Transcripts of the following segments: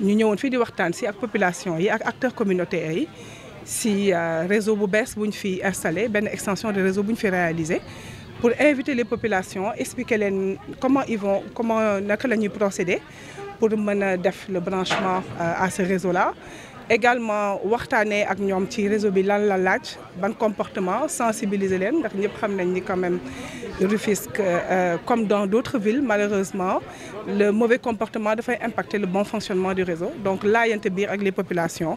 Nous avons fait di waxtaan avec ak population et les acteurs communautaires yi si euh, réseau bu installé benn extension de réseau est fi pour inviter les populations expliquer comment ils vont comment procéder pour mener le branchement euh, à ce réseau là également waxtaanee ak ñom ci réseau bi lan la laaj ban comportement sensibiliser les ndax xam nañ ni quand même Rufisque euh, comme dans d'autres villes malheureusement le mauvais comportement fay impacter le bon fonctionnement du réseau donc là, laayante biir avec les populations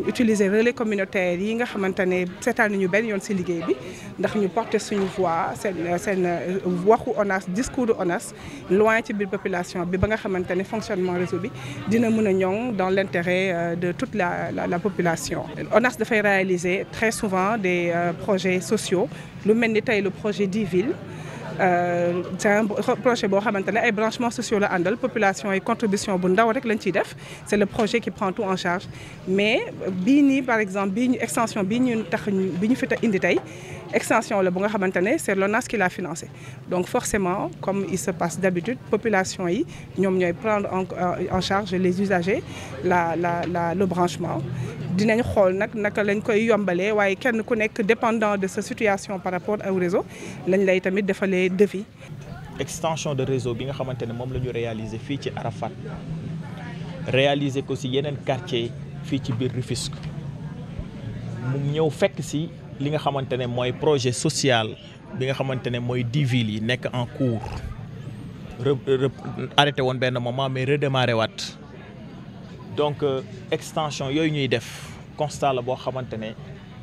utiliser relais communautaires, yi nga xamante ne seetaan nañu benn yoon si liggéey bi ndax porter voix un seen euh, waxu ONAS discours honnête, loin de la population bi ba nga xamante fonctionnement réseau bi dina dans l'intérêt euh, de toute la la, la population. de faire réaliser très souvent des euh, projets sociaux lu même le projet d'île. villes. Euh, c'est un projet bo xamante ay branchements sociaux la andal population yi contribution bu ndaw rek lañ ciy def c'est le projet qui prend tout en charge mais bi ni par exemple bi ñu extension bi ñu tax bi ñu fi indi tay extension c'est l'ONAS qui l'a financé donc forcément comme il se passe d'habitude population prend prendre euh, en charge les usagers la la le branchement dinañ xol nak naka lañ koy yombalé waye kenn ku dépendant de sa situation par rapport au réseau lañ lay tamit defalee devis extension de réseau bi nga xamantene mom lañu réaliser fi ci Arafat réaliser ko si quartier fi ci biir Rifisque mu ñëw fekk ici li nga xamantene moy projet social bi nga xamantene moy mooy dix villes yi nekk en cours arrêté won ben moment mais redémarré wat donc euh, extension yoy ñuy def constat la bo xamantene ne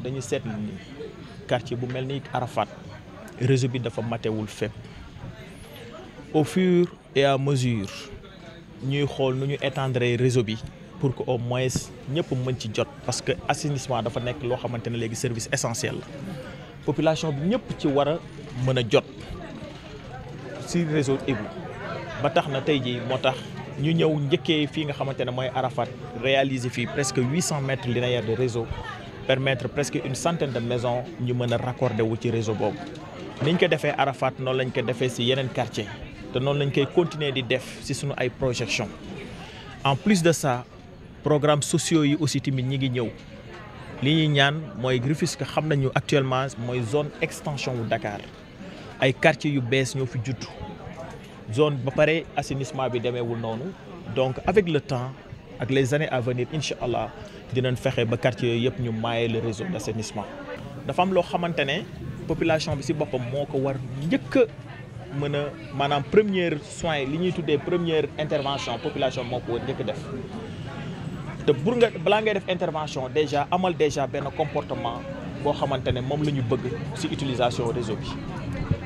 dañu seetlu ni quartier bu melni Arafat réseau bi dafa wul fep au fur et à mesure ñuy xol nu ñu étendre réseau bi pour que au moins ñëpp mën ci jot parce que assainissement dafa nek lo xamante légui service essentiel la population bi ñëpp ci wara mëna jot ci réseau Ibu ba taxna tay ji motax ñu ñew ñëkke fi nga moy Arafat réaliser fi presque 800 mètres linéaires de réseau permettre presque une centaine de maisons ñu mëna raccorder wu ci réseau boobu niñ ko défé Arafat non lañ ko défé ci yenen quartier té non lañ koy continuer di def si suñu ay projection en plus de ça programme sociaux yi aussi tamit ñi ngi ñew li ñi ñaan mooy Rufisque xam nañu actuellement moy zone extension wu Dakar ay quartiers yu bess ñofu fi zone ba paré assainissement bi demeewul noonu donc avec le temps ak les années à venir inshallah allah dinañ fexé ba quartier yooyu yëpp ñu mayé le réseau d'assainissement. dafa am lo xamantene population bi si bopam moko war njëkk mëna manam première soin li ñuy tuddee première intervention population moo ko war def te bur nga balaa ngay def intervention déjà amal déjà ben comportement boo xamante ne moom la si bëgg ci utilisation réseau bi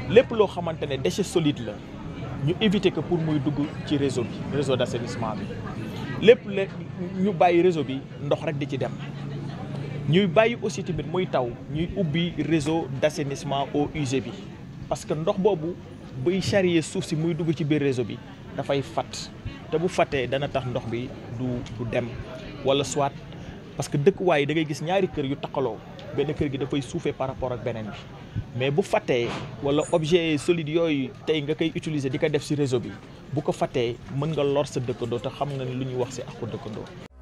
lépp loo xamante déchets solides là, la ñu éviter que pour muy dugg ci réseau bi réseau d'assainissement bi lépp la ñu bàyyi réseau bi ndox rek di ci dem ñuy bàyyi aussi tamit muy taw ñuy ubbi réseau d'assainissement au usées parce que ndox bobo buy charrier suuf si muy dugg ci biir réseau bi dafay fat te bu fàttee dana tax ndox bi du du dem wala soit parce que dëkkuwaay yi dangay gis ñaari kër yu taqaloo benn kër gi dafay suufee par rapport ak beneen bi mais bu fàttee wala objet solide yooyu tey nga koy utiliser di ko def ci réseau bi bu ko fàttee mën nga lor sa dëkkandoo te xam nga ne lu ñuy wax ci àqu dëkkandoo.